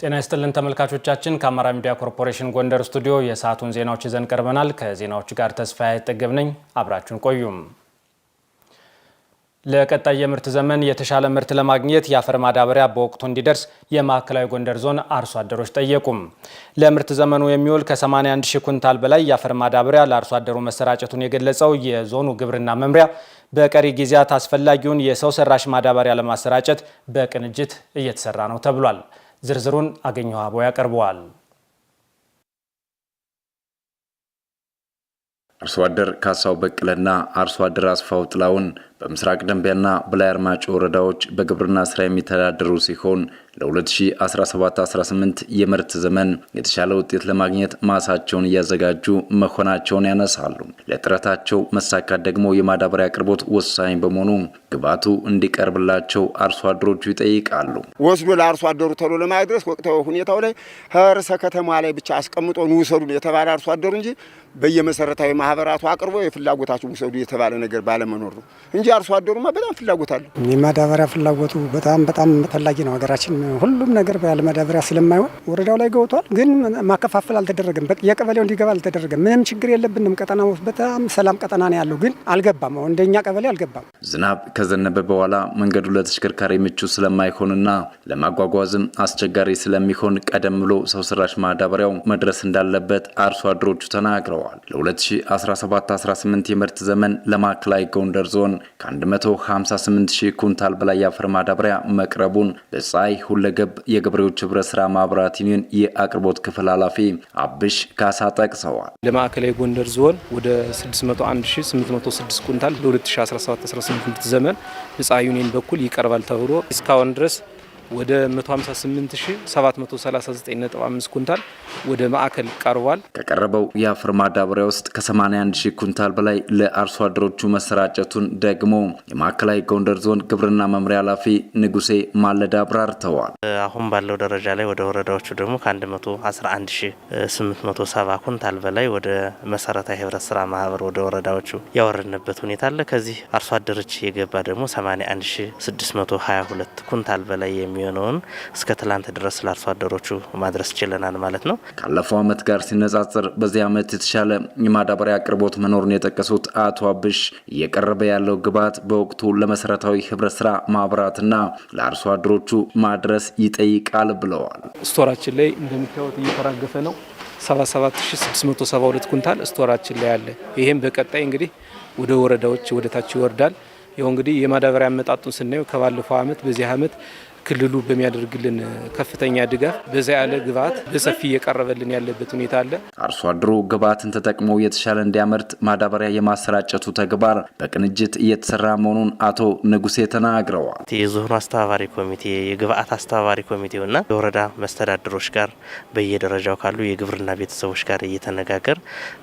ጤና ይስጥልን ተመልካቾቻችን፣ ከአማራ ሚዲያ ኮርፖሬሽን ጎንደር ስቱዲዮ የሰዓቱን ዜናዎች ይዘን ቀርበናል። ከዜናዎቹ ጋር ተስፋዬ ጥግብ ነኝ፣ አብራችሁን ቆዩም። ለቀጣይ የምርት ዘመን የተሻለ ምርት ለማግኘት የአፈር ማዳበሪያ በወቅቱ እንዲደርስ የማዕከላዊ ጎንደር ዞን አርሶ አደሮች ጠየቁም። ለምርት ዘመኑ የሚውል ከ81 ሺህ ኩንታል በላይ የአፈር ማዳበሪያ ለአርሶ አደሩ መሰራጨቱን የገለጸው የዞኑ ግብርና መምሪያ በቀሪ ጊዜያት አስፈላጊውን የሰው ሰራሽ ማዳበሪያ ለማሰራጨት በቅንጅት እየተሰራ ነው ተብሏል። ዝርዝሩን አገኘሁ አቦ ያቀርበዋል። አርሶ አደር ካሳው በቅለና አርሶ አደር አስፋው ጥላውን በምስራቅ ደንቢያና በላይ አርማጭ ወረዳዎች በግብርና ስራ የሚተዳደሩ ሲሆን ለ2017-18 የምርት ዘመን የተሻለ ውጤት ለማግኘት ማሳቸውን እያዘጋጁ መሆናቸውን ያነሳሉ። ለጥረታቸው መሳካት ደግሞ የማዳበሪያ አቅርቦት ወሳኝ በመሆኑ ግብዓቱ እንዲቀርብላቸው አርሶ አደሮቹ ይጠይቃሉ። ወስዶ ለአርሶ አደሩ ተሎ ለማድረስ ወቅታዊ ሁኔታው ላይ ህርሰ ከተማ ላይ ብቻ አስቀምጦ ንውሰዱ የተባለ አርሶ አደሩ እንጂ በየመሰረታዊ ማህበራቱ አቅርቦ የፍላጎታቸው ውሰዱ የተባለ ነገር ባለመኖር ነው እንጂ እንጂ አርሶ አደሩማ በጣም ፍላጎት አለው። የማዳበሪያ ፍላጎቱ በጣም በጣም ፈላጊ ነው። ሀገራችን ሁሉም ነገር ያለ ማዳበሪያ ስለማይሆን ወረዳው ላይ ገብቷል፣ ግን ማከፋፈል አልተደረገም። የቀበሌው እንዲገባ አልተደረገም። ምንም ችግር የለብንም። ቀጠናው በጣም ሰላም ቀጠና ነው ያለው፣ ግን አልገባም። እንደኛ ቀበሌ አልገባም። ዝናብ ከዘነበ በኋላ መንገዱ ለተሽከርካሪ ምቹ ስለማይሆንና ለማጓጓዝም አስቸጋሪ ስለሚሆን ቀደም ብሎ ሰው ሰራሽ ማዳበሪያው መድረስ እንዳለበት አርሶ አደሮቹ ተናግረዋል። ለ2017/18 የምርት ዘመን ለማዕከላዊ ጎንደር ዞን ከ158 ሺህ ኩንታል በላይ የአፈር ማዳበሪያ መቅረቡን በፀሐይ ሁለገብ የገበሬዎች ህብረት ስራ ማህበራት ዩኒየን የአቅርቦት ክፍል ኃላፊ አብሽ ካሳ ጠቅሰዋል። ለማዕከላዊ ጎንደር ዞን ወደ 601806 ኩንታል ለ2017/18 ዘመን በፀሐይ ዩኒየን በኩል ይቀርባል ተብሎ እስካሁን ድረስ ወደ 158739.5 ኩንታል ወደ ማዕከል ቀርቧል። ከቀረበው የአፈር ማዳበሪያ ውስጥ ከ81 ሺህ ኩንታል በላይ ለአርሶ አደሮቹ መሰራጨቱን ደግሞ የማዕከላዊ ጎንደር ዞን ግብርና መምሪያ ኃላፊ ንጉሴ ማለዳ አብራርተዋል። አሁን ባለው ደረጃ ላይ ወደ ወረዳዎቹ ደግሞ ከ111870 ኩንታል በላይ ወደ መሰረታዊ ህብረት ስራ ማህበር ወደ ወረዳዎቹ ያወረድንበት ሁኔታ አለ። ከዚህ አርሶ አደሮች የገባ ደግሞ 81622 ኩንታል በላይ የሚ የሚሆነውን እስከ ትላንት ድረስ ለአርሶ አደሮቹ ማድረስ ችለናል ማለት ነው። ካለፈው ዓመት ጋር ሲነጻጽር በዚህ ዓመት የተሻለ የማዳበሪያ አቅርቦት መኖሩን የጠቀሱት አቶ አብሽ እየቀረበ ያለው ግብዓት በወቅቱ ለመሰረታዊ ህብረት ስራ ማብራትና ለአርሶ አደሮቹ ማድረስ ይጠይቃል ብለዋል። ስቶራችን ላይ እንደሚታወት እየተራገፈ ነው 77672 ኩንታል ስቶራችን ላይ አለ። ይህም በቀጣይ እንግዲህ ወደ ወረዳዎች ወደ ታች ይወርዳል። ይኸው እንግዲህ የማዳበሪያ አመጣጡን ስናየው ከባለፈው ዓመት በዚህ ዓመት ክልሉ በሚያደርግልን ከፍተኛ ድጋፍ በዛ ያለ ግብዓት በሰፊ እየቀረበልን ያለበት ሁኔታ አለ። አርሶ አድሮ ግብዓትን ተጠቅሞ የተሻለ እንዲያመርት ማዳበሪያ የማሰራጨቱ ተግባር በቅንጅት እየተሰራ መሆኑን አቶ ንጉሴ ተናግረዋል። የዞኑ አስተባባሪ ኮሚቴ፣ የግብዓት አስተባባሪ ኮሚቴውና የወረዳ መስተዳድሮች ጋር በየደረጃው ካሉ የግብርና ቤተሰቦች ጋር እየተነጋገር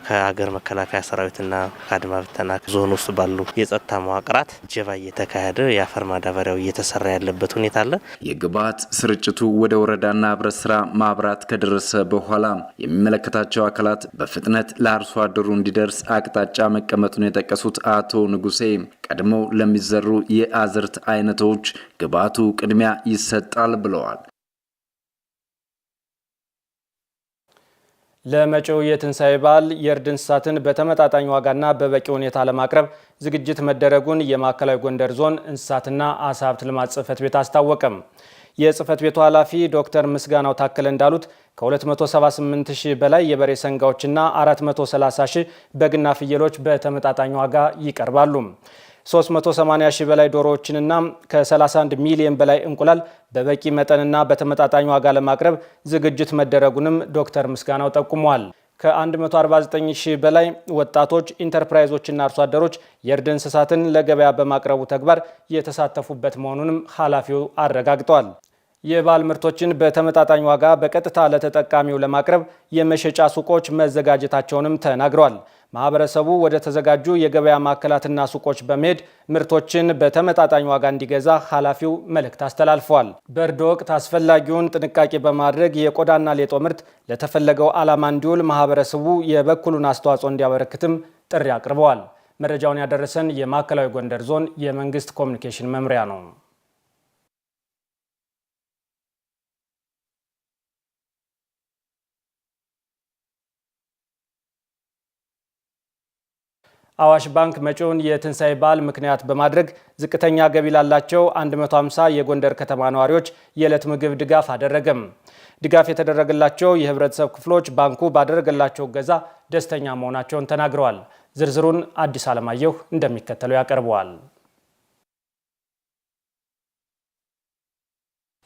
ከሀገር መከላከያ ሰራዊትና ከአድማ ብተና ዞን ውስጥ ባሉ የጸጥታ መዋቅራት ጀባ እየተካሄደ የአፈር ማዳበሪያው እየተሰራ ያለበት ሁኔታ አለ። የግብዓት ስርጭቱ ወደ ወረዳና ህብረት ስራ ማብራት ከደረሰ በኋላ የሚመለከታቸው አካላት በፍጥነት ለአርሶ አደሩ እንዲደርስ አቅጣጫ መቀመጡን የጠቀሱት አቶ ንጉሴ ቀድሞ ለሚዘሩ የአዝርት አይነቶች ግብዓቱ ቅድሚያ ይሰጣል ብለዋል። ለመጪው የትንሣኤ በዓል የእርድ እንስሳትን በተመጣጣኝ ዋጋና በበቂ ሁኔታ ለማቅረብ ዝግጅት መደረጉን የማዕከላዊ ጎንደር ዞን እንስሳትና አሳብት ሀብት ልማት ጽሕፈት ቤት አስታወቀም። የጽሕፈት ቤቱ ኃላፊ ዶክተር ምስጋናው ታከለ እንዳሉት ከ278 ሺህ በላይ የበሬ ሰንጋዎችና 430 ሺህ በግና ፍየሎች በተመጣጣኝ ዋጋ ይቀርባሉ። 380 ሺህ በላይ ዶሮዎችንና ከ31 ሚሊዮን በላይ እንቁላል በበቂ መጠንና በተመጣጣኝ ዋጋ ለማቅረብ ዝግጅት መደረጉንም ዶክተር ምስጋናው ጠቁመዋል። ከ149 ሺህ በላይ ወጣቶች ኢንተርፕራይዞችና አርሶ አደሮች የእርድ እንስሳትን ለገበያ በማቅረቡ ተግባር የተሳተፉበት መሆኑንም ኃላፊው አረጋግጠዋል። የባል ምርቶችን በተመጣጣኝ ዋጋ በቀጥታ ለተጠቃሚው ለማቅረብ የመሸጫ ሱቆች መዘጋጀታቸውንም ተናግረዋል። ማህበረሰቡ ወደ ተዘጋጁ የገበያ ማዕከላትና ሱቆች በመሄድ ምርቶችን በተመጣጣኝ ዋጋ እንዲገዛ ኃላፊው መልእክት አስተላልፈዋል። በእርድ ወቅት አስፈላጊውን ጥንቃቄ በማድረግ የቆዳና ሌጦ ምርት ለተፈለገው ዓላማ እንዲውል ማህበረሰቡ የበኩሉን አስተዋጽኦ እንዲያበረክትም ጥሪ አቅርበዋል። መረጃውን ያደረሰን የማዕከላዊ ጎንደር ዞን የመንግስት ኮሚኒኬሽን መምሪያ ነው። አዋሽ ባንክ መጪውን የትንሣኤ በዓል ምክንያት በማድረግ ዝቅተኛ ገቢ ላላቸው 150 የጎንደር ከተማ ነዋሪዎች የዕለት ምግብ ድጋፍ አደረገም። ድጋፍ የተደረገላቸው የህብረተሰብ ክፍሎች ባንኩ ባደረገላቸው እገዛ ደስተኛ መሆናቸውን ተናግረዋል። ዝርዝሩን አዲስ አለማየሁ እንደሚከተለው ያቀርበዋል።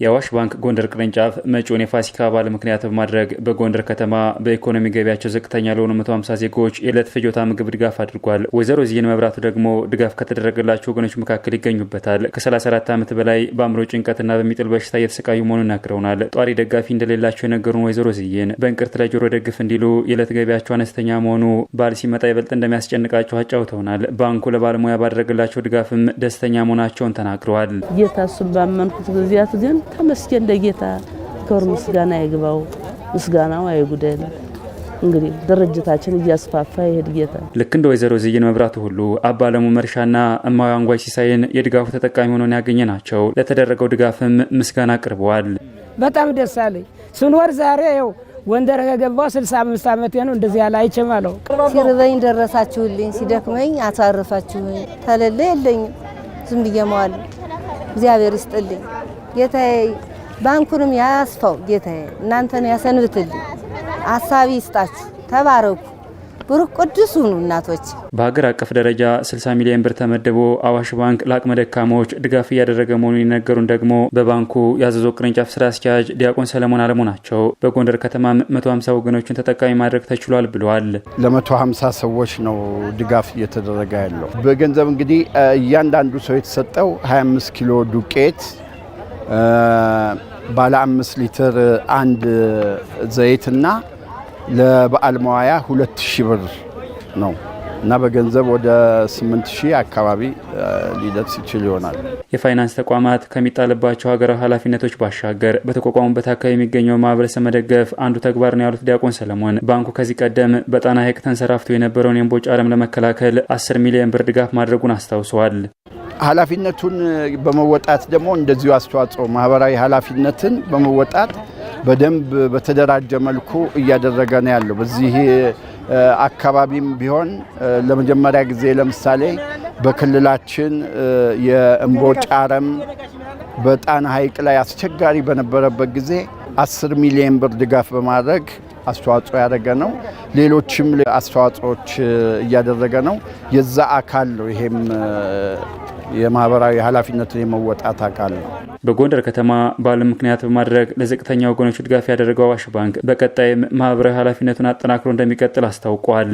የአዋሽ ባንክ ጎንደር ቅርንጫፍ መጪውን የፋሲካ በዓል ምክንያት በማድረግ በጎንደር ከተማ በኢኮኖሚ ገቢያቸው ዝቅተኛ ለሆኑ 150 ዜጎች የዕለት ፍጆታ ምግብ ድጋፍ አድርጓል። ወይዘሮ ዚህን መብራቱ ደግሞ ድጋፍ ከተደረገላቸው ወገኖች መካከል ይገኙበታል። ከ34 ዓመት በላይ በአእምሮ ጭንቀትና በሚጥል በሽታ እየተሰቃዩ መሆኑን ነግረውናል። ጧሪ ደጋፊ እንደሌላቸው የነገሩን ወይዘሮ ዚህን በእንቅርት ላይ ጆሮ ደግፍ እንዲሉ የዕለት ገቢያቸው አነስተኛ መሆኑ በዓል ሲመጣ ይበልጥ እንደሚያስጨንቃቸው አጫውተውናል። ባንኩ ለባለሙያ ባደረገላቸው ድጋፍም ደስተኛ መሆናቸውን ተናግረዋል። ጌታ እሱን ባመንኩት ጊዜያት ግን ተመስገን ለጌታ ክብር ምስጋና ይግባው፣ ምስጋናው አይጉደል። እንግዲህ ድርጅታችን እያስፋፋ ይሄድ ጌታ። ልክ እንደ ወይዘሮ ዝይን መብራቱ ሁሉ አባ አለሙ መርሻና እማዊ አንጓይ ሲሳይን የድጋፉ ተጠቃሚ ሆኖን ያገኘ ናቸው። ለተደረገው ድጋፍም ምስጋና አቅርበዋል። በጣም ደስ አለኝ ስንወር ዛሬ ው ጎንደር ከገባው 65 ዓመቴ ነው። እንደዚህ ያለ አይችም አለው። ሲርበኝ ደረሳችሁልኝ፣ ሲደክመኝ አሳርፋችሁኝ። ተለለ የለኝም ዝም ብዬ መዋል። እግዚአብሔር ይስጥልኝ። ጌታዬ ባንኩንም ያስፋው ጌታዬ፣ እናንተን ያሰንብትልኝ፣ አሳቢ ይስጣችሁ፣ ተባረኩ፣ ብሩክ ቅዱስ ሁኑ እናቶች። በሀገር አቀፍ ደረጃ 60 ሚሊዮን ብር ተመድቦ አዋሽ ባንክ ለአቅመ ደካሞች ድጋፍ እያደረገ መሆኑን የነገሩን ደግሞ በባንኩ የአዘዞ ቅርንጫፍ ስራ አስኪያጅ ዲያቆን ሰለሞን አለሙ ናቸው። በጎንደር ከተማም 150 ወገኖችን ተጠቃሚ ማድረግ ተችሏል ብለዋል። ለ150 ሰዎች ነው ድጋፍ እየተደረገ ያለው። በገንዘብ እንግዲህ እያንዳንዱ ሰው የተሰጠው 25 ኪሎ ዱቄት ባለ አምስት ሊትር አንድ ዘይትና ለበዓል መዋያ ሁለት ሺህ ብር ነው እና በገንዘብ ወደ ስምንት ሺህ አካባቢ ሊደርስ ይችል ይሆናል። የፋይናንስ ተቋማት ከሚጣልባቸው ሀገራዊ ኃላፊነቶች ባሻገር በተቋቋሙበት አካባቢ የሚገኘው ማህበረሰብ መደገፍ አንዱ ተግባር ነው ያሉት ዲያቆን ሰለሞን ባንኩ ከዚህ ቀደም በጣና ሐይቅ ተንሰራፍቶ የነበረውን የእምቦጭ አረም ለመከላከል 10 ሚሊዮን ብር ድጋፍ ማድረጉን አስታውሰዋል። ኃላፊነቱን በመወጣት ደግሞ እንደዚሁ አስተዋጽኦ ማህበራዊ ኃላፊነትን በመወጣት በደንብ በተደራጀ መልኩ እያደረገ ነው ያለው። በዚህ አካባቢም ቢሆን ለመጀመሪያ ጊዜ ለምሳሌ በክልላችን የእምቦጭ አረም በጣና ሐይቅ ላይ አስቸጋሪ በነበረበት ጊዜ አስር ሚሊዮን ብር ድጋፍ በማድረግ አስተዋጽኦ ያደረገ ነው። ሌሎችም አስተዋጽኦዎች እያደረገ ነው። የዛ አካል ነው ይሄም የማህበራዊ ኃላፊነትን የመወጣት አካል ነው። በጎንደር ከተማ ባለ ምክንያት በማድረግ ለዝቅተኛ ወገኖች ድጋፍ ያደረገው አዋሽ ባንክ በቀጣይም ማህበራዊ ኃላፊነቱን አጠናክሮ እንደሚቀጥል አስታውቋል።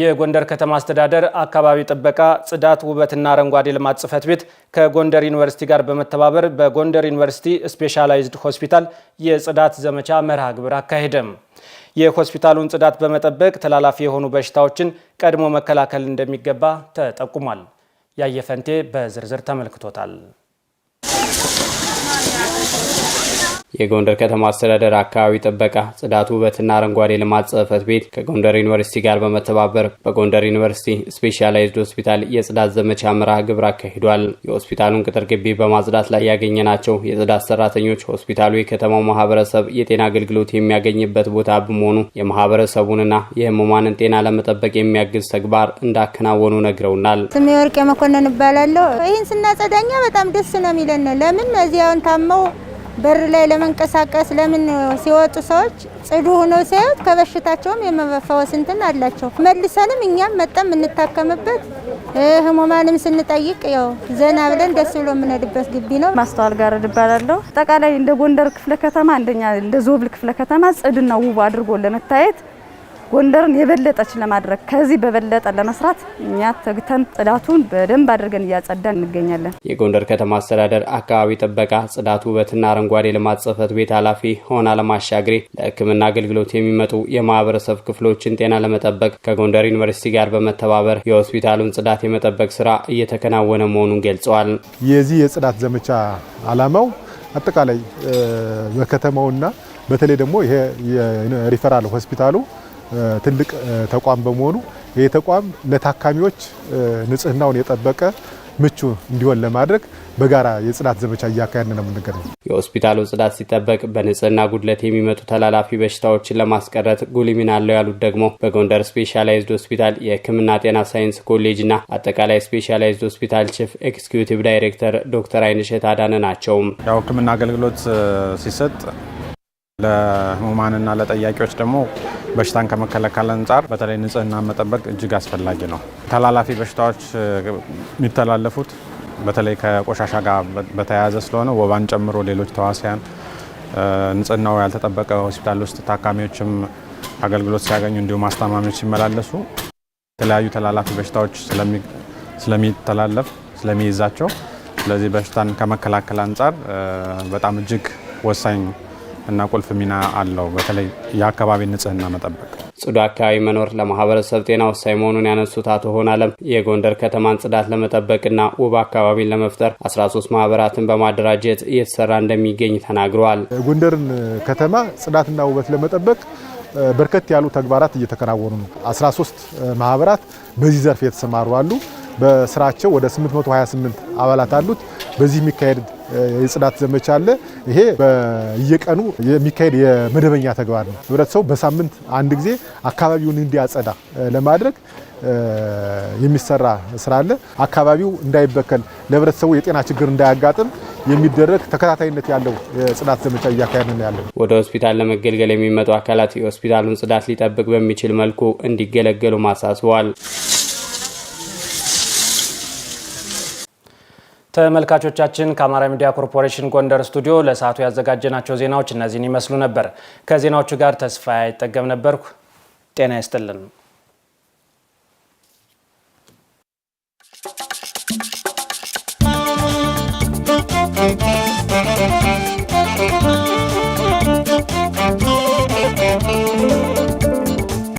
የጎንደር ከተማ አስተዳደር አካባቢ ጥበቃ፣ ጽዳት፣ ውበትና አረንጓዴ ልማት ጽፈት ቤት ከጎንደር ዩኒቨርሲቲ ጋር በመተባበር በጎንደር ዩኒቨርሲቲ ስፔሻላይዝድ ሆስፒታል የጽዳት ዘመቻ መርሃ ግብር አካሄደም። የሆስፒታሉን ጽዳት በመጠበቅ ተላላፊ የሆኑ በሽታዎችን ቀድሞ መከላከል እንደሚገባ ተጠቁሟል። ያየፈንቴ በዝርዝር ተመልክቶታል። የጎንደር ከተማ አስተዳደር አካባቢ ጥበቃ፣ ጽዳት፣ ውበትና አረንጓዴ ልማት ጽሕፈት ቤት ከጎንደር ዩኒቨርሲቲ ጋር በመተባበር በጎንደር ዩኒቨርሲቲ ስፔሻላይዝድ ሆስፒታል የጽዳት ዘመቻ መርሃ ግብር አካሂዷል። የሆስፒታሉን ቅጥር ግቢ በማጽዳት ላይ ናቸው የጽዳት ሰራተኞች ሆስፒታሉ የከተማው ማህበረሰብ የጤና አገልግሎት የሚያገኝበት ቦታ በመሆኑ የማህበረሰቡንና የህሙማንን ጤና ለመጠበቅ የሚያግዝ ተግባር እንዳከናወኑ ነግረውናል። ስሜ ወርቅ መኮንን እባላለሁ። ይህን ስናጸዳኛ በጣም ደስ ነው የሚለን። ለምን እዚያውን ታመው በር ላይ ለመንቀሳቀስ ለምን ሲወጡ ሰዎች ጽዱ ሆኖ ሲያዩት ከበሽታቸውም የመፈወስ እንትን አላቸው። መልሰንም እኛም መጠን የምንታከምበት ህሙማንም ስንጠይቅ ያው ዘና ብለን ደስ ብሎ የምንሄድበት ግቢ ነው። ማስተዋል ጋር እባላለሁ። አጠቃላይ እንደ ጎንደር ክፍለ ከተማ አንደኛ እንደ ዞብል ክፍለ ከተማ ጽድና ውብ አድርጎ ለመታየት ጎንደርን የበለጠች ለማድረግ ከዚህ በበለጠ ለመስራት እኛ ተግተን ጽዳቱን በደንብ አድርገን እያጸዳን እንገኛለን። የጎንደር ከተማ አስተዳደር አካባቢ ጥበቃ ጽዳት፣ ውበትና አረንጓዴ ልማት ጽፈት ቤት ኃላፊ ሆና ለማሻግሬ ለሕክምና አገልግሎት የሚመጡ የማህበረሰብ ክፍሎችን ጤና ለመጠበቅ ከጎንደር ዩኒቨርሲቲ ጋር በመተባበር የሆስፒታሉን ጽዳት የመጠበቅ ስራ እየተከናወነ መሆኑን ገልጸዋል። የዚህ የጽዳት ዘመቻ ዓላማው አጠቃላይ በከተማውና በተለይ ደግሞ ይሄ የሪፈራል ሆስፒታሉ ትልቅ ተቋም በመሆኑ ይህ ተቋም ለታካሚዎች ንጽህናውን የጠበቀ ምቹ እንዲሆን ለማድረግ በጋራ የጽዳት ዘመቻ እያካሄድን ነው የምንገኘው። የሆስፒታሉ ጽዳት ሲጠበቅ በንጽህና ጉድለት የሚመጡ ተላላፊ በሽታዎችን ለማስቀረት ጉልህ ሚና አለው ያሉት ደግሞ በጎንደር ስፔሻላይዝድ ሆስፒታል የሕክምና ጤና ሳይንስ ኮሌጅ እና አጠቃላይ ስፔሻላይዝድ ሆስፒታል ቺፍ ኤክስኪዩቲቭ ዳይሬክተር ዶክተር አይንሸት አዳነ ናቸው። ያው ሕክምና አገልግሎት ሲሰጥ ለህሙማንና ለጠያቂዎች ደግሞ በሽታን ከመከላከል አንጻር በተለይ ንጽህና መጠበቅ እጅግ አስፈላጊ ነው። ተላላፊ በሽታዎች የሚተላለፉት በተለይ ከቆሻሻ ጋር በተያያዘ ስለሆነ ወባን ጨምሮ ሌሎች ተዋሲያን ንጽህናው ያልተጠበቀ ሆስፒታል ውስጥ ታካሚዎችም አገልግሎት ሲያገኙ እንዲሁም አስታማሚዎች ሲመላለሱ የተለያዩ ተላላፊ በሽታዎች ስለሚተላለፍ ስለሚይዛቸው ስለዚህ በሽታን ከመከላከል አንጻር በጣም እጅግ ወሳኝ እና ቁልፍ ሚና አለው። በተለይ የአካባቢ ንጽህና መጠበቅ፣ ጽዱ አካባቢ መኖር ለማህበረሰብ ጤና ወሳኝ መሆኑን ያነሱት አቶ አለም የጎንደር ከተማን ጽዳት ለመጠበቅና ውብ አካባቢን ለመፍጠር 13 ማህበራትን በማደራጀት እየተሰራ እንደሚገኝ ተናግረዋል። ጎንደርን ከተማ ጽዳትና ውበት ለመጠበቅ በርከት ያሉ ተግባራት እየተከናወኑ ነው። 13 ማህበራት በዚህ ዘርፍ የተሰማሩ አሉ። በስራቸው ወደ 828 አባላት አሉት። በዚህ የሚካሄድ የጽዳት ዘመቻ አለ። ይሄ በየቀኑ የሚካሄድ የመደበኛ ተግባር ነው። ህብረተሰቡ በሳምንት አንድ ጊዜ አካባቢውን እንዲያጸዳ ለማድረግ የሚሰራ ስራ አለ። አካባቢው እንዳይበከል ለህብረተሰቡ የጤና ችግር እንዳያጋጥም የሚደረግ ተከታታይነት ያለው የጽዳት ዘመቻ እያካሄደ ነው ያለው። ወደ ሆስፒታል ለመገልገል የሚመጡ አካላት የሆስፒታሉን ጽዳት ሊጠብቅ በሚችል መልኩ እንዲገለገሉ ማሳስበዋል። ተመልካቾቻችን ከአማራ ሚዲያ ኮርፖሬሽን ጎንደር ስቱዲዮ ለሰዓቱ ያዘጋጀናቸው ዜናዎች እነዚህን ይመስሉ ነበር። ከዜናዎቹ ጋር ተስፋ አይጠገም ነበርኩ። ጤና ይስጥልን።